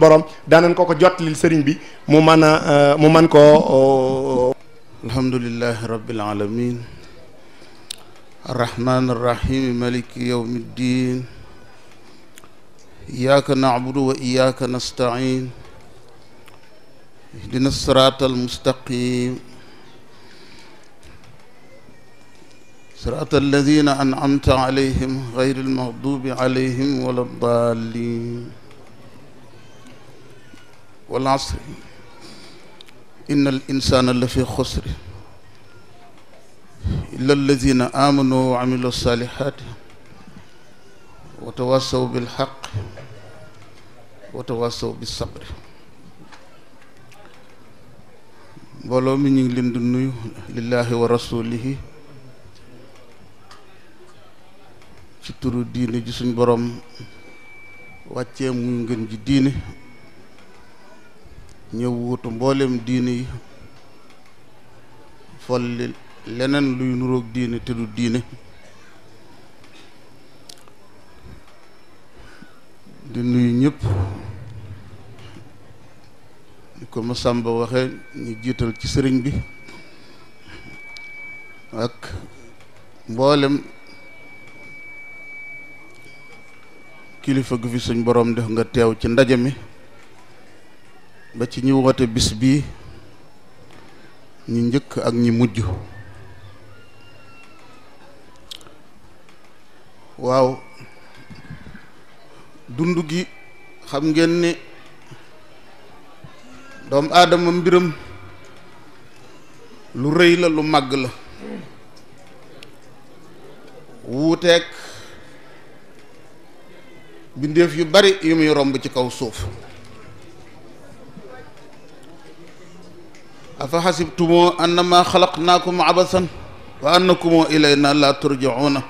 borom daanañ ko ko jotali serigne bi mu mana mu man ko alhamdulillah rabbil alamin arrahman arrahim maliki yawmiddin iyyaka na'budu wa iyyaka nasta'in ihdinas siratal mustaqim صراط الذين أنعمت عليهم غير المغضوب عليهم ولا الضالين wal asri inna al insana la fi xusri illa alladina amanu wa amilu salihaati wa tawasaw bilxaq wa tawasaw bisabri mbooloo mi ñu ngi leen di nuyu lillahi wa rasulihi ci turu diine ji suñ borom wàccee mu ngeen ji diine ñëw wut mboolem diine yi folli leneen luy nuróog diine te du diine di nuyu ñëpp ni ko ma samba waxee ñu jiital ci sëriñ bi ak mboolem kilifa gi fi suñ borom def nga teew ci ndaje mi ba ci ñi woote bis bii ñi njëkk ak ñi mujj waaw dund gi xam ngeen ne doom aadama mbiram lu rëy la lu màgg la wuuteeg bindeef yu bari yu muy romb ci kaw suuf afa xasibtumoo annama xalaqnaakum abasan wa annakumoo ilayna la turjauna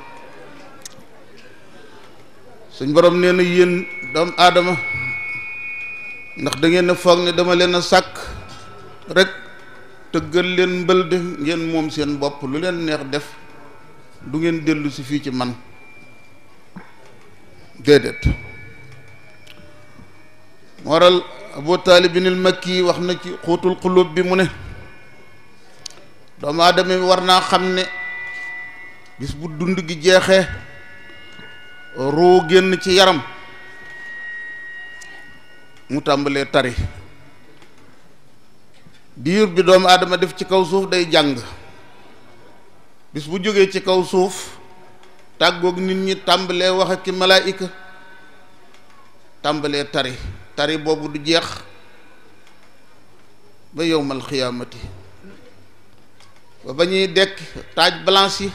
suñ borom nee na yéen doomu aadama ndax da ngeen a foog ne dama leen a sàkk rek tëggal leen mbëlde ngeen moom seen bopp lu leen neex def du ngeen dellu si fii ci man déedéet waral abu taalibin al makki wax na ci xuutul xulub bi mu ne doomu aadama bi war naa xam ne bis bu dund gi jeexee ruu génn ci yaram mu tàmbalee tari diir bi doomu aadama def ci kaw suuf day jàng bis bu jógee ci kaw suuf tàggook nit ñi tàmbalee wax ak malaayika tàmbalee tari tari bobu du jeex ba yowmal khiyamati ba bañi dekk taaj jor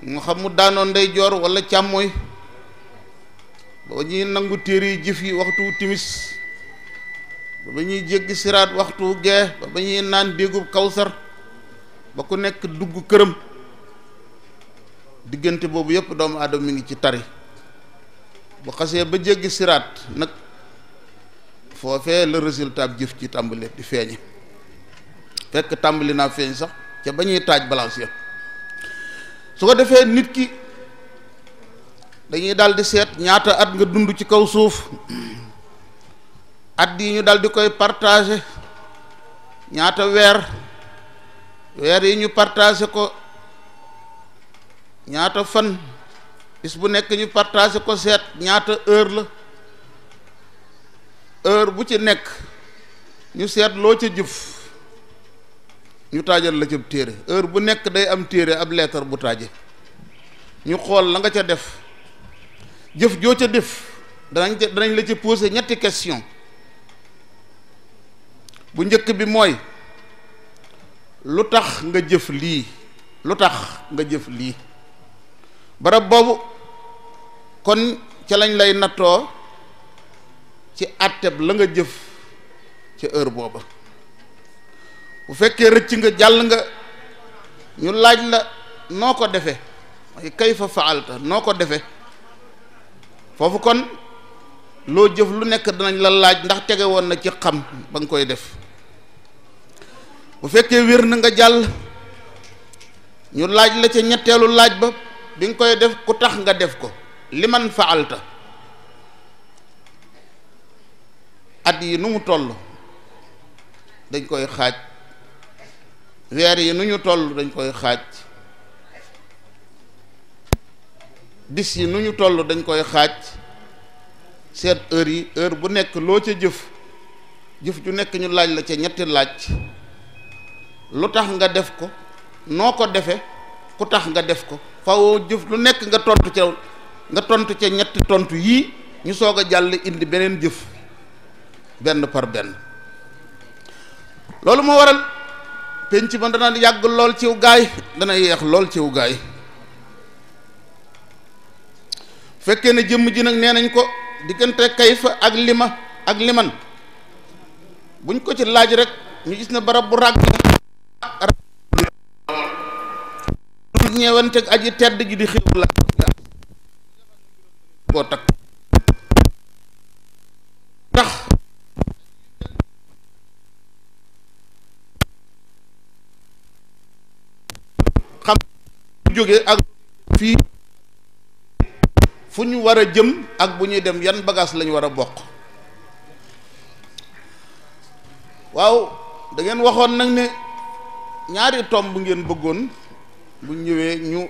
nga xam mu ndey jor wala chamoy ba ba nangu téré jëf yi waxtu timis ba bañi jégg sirat waxtu ge ba bañi naan degu kawsar ba ku nekk dugg kërëm digënté bobu yépp doomu adam mi ngi ci tari bu xasse ya, ba jéggi siraat nak, fofé le résultat jëf ci tambalé di feeñe fekk tambalina naa sax ca bañuy taaj balance ya su ko defee nit ki dañuy daal di seet ñaata at nga dund ci kaw suuf at di ñu daal di koy partager ñaata wër wër yi ñu partager ko ñaata fan bis bu nekk ñu partagé ko seet ñaata heure la heure bu ci nekk ñu seet loo ca jëf ñu taajal la ca téere heure bu nekk day am téere ab leetar bu taaje ñu xool la nga ca def jëf joo ca def danañ ca danañ la ca posé ñetti question bu njëkk bi mooy lu tax nga jëf lii lu tax nga jëf lii barab boobu kon ca lañ lay nattoo ci àtteb la nga jëf ca heure booba bu fekkee rëcc nga jàll nga ñu laaj la noo ko defe mooy kay fa faalta noo ko defe foofu kon loo jëf lu nekk dinañ la laaj ndax tege woon na ci xam ba nga koy def bu fekkee wér na nga jàll ñu laaj la ca ñetteelu laaj ba bi nga koy def ku tax nga def ko li man faalta at yi nu mu toll dañ koy xaaj weer yi nu ñu toll dañ koy xaaj bis yi nu ñu toll dañ koy xaaj seet heure yi heure bu nekk loo ca jëf jëf ju nekk ñu laaj la ca ñetti laaj lu tax nga def ko noo ko defe ku tax nga def ko fawoo jëf lu nekk nga tontu ca nga tontu ci ñett tontu yi ñu soga jall indi benen jëf benn par benn lolou mo waral penc ba dana lol ci ciw gaay dana yeex ci ciw gaay fekke ne jëm ji nak nenañ ko diggante kayfa ak lima ak liman buñ ko ci laaj rek ñu gis na barab bu rag ñewante ak aji tedd ji di xewul koo takk tax xam jóge ak fii fu ñu war a jëm ak bu ñuy dem yan bagage lañu war a bokk waaw da ngeen waxoon nag ne ñaari tomb ngeen bëggoon bu ñëwee ñu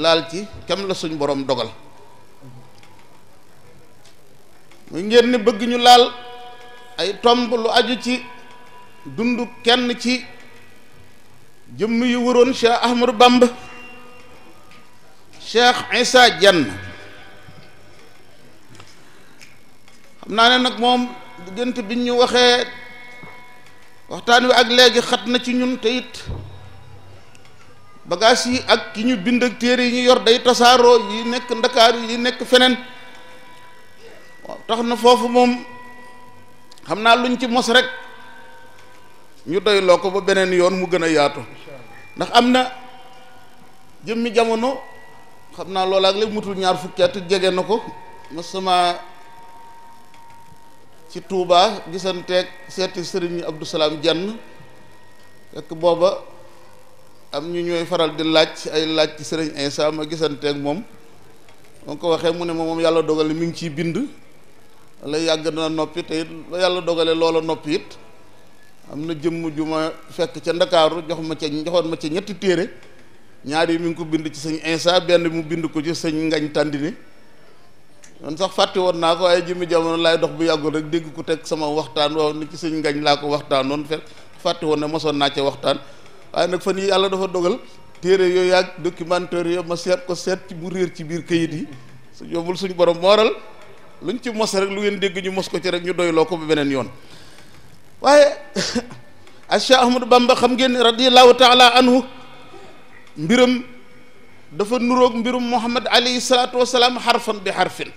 laal ci kam la suñ borom dogal muy ngeen ni bëgg ñu laal ay tomb lu aju ci dund kenn ci jëmm yu waroon Cheikh Ahmadou Bamba Cheikh Issa Diène xam naa ne nag moom diggante bi ñu waxee waxtaan wi ak léegi xat na ci ñun te it bagages yi ak ki ñu bind ak téere yi ñu yor day tasaaroo yi nekk ndakaaru yi nekk feneen waaw tax na foofu moom xam naa luñ ci mos rek ñu doyloo ko ba beneen yoon mu gën a yaatu ndax am na jëmmi jamono xam naa loolu ak lépp mutul ñaar fukki jege na ko sama ci Touba gisanteeg seeti sëriñ Abdou Salaam Jenn fekk booba am ñu ñooy faral di laaj ay laaj ci sëriñ Insa ma gisanteeg moom ma ko waxee mu ne ma moom yàlla dogal mi ngi ciy bind la yàgg na noppi te la yàlla dogale loola noppi it am na jëmm ju fekk ca ndakaaru jox ma ca joxoon ma ca ñetti téere ñaar yi mu ngi ko bind ci sëñ Insa benn mu bind ko ci sëñ Ngañ Tandini man sax fàtte woon naa ko waaye jëmmi jamono laay dox bu yàggul rek dégg ko teg sama waxtaan wax ni ci sëñ Ngañ laa ko waxtaanoon fekk fàtte woon ne mosoon naa ca waxtaan waaye nag fan yii yàlla dafa dogal téere yooyu ak documentaire yooyu ma seet ko seet ci mu réer ci biir kayit yi su suñu borom mooral luñ ci mos rek lu ngeen dégg ñu mos ko ci rek ñu doyloo ko ba beneen yoon waaye Cheikh Ahmadou Bamba xam ngeen radiyallahu taala anhu mbiram dafa nuroog mbirum Muhammad alayhi salaatu wasalaam xarfan bi xarfin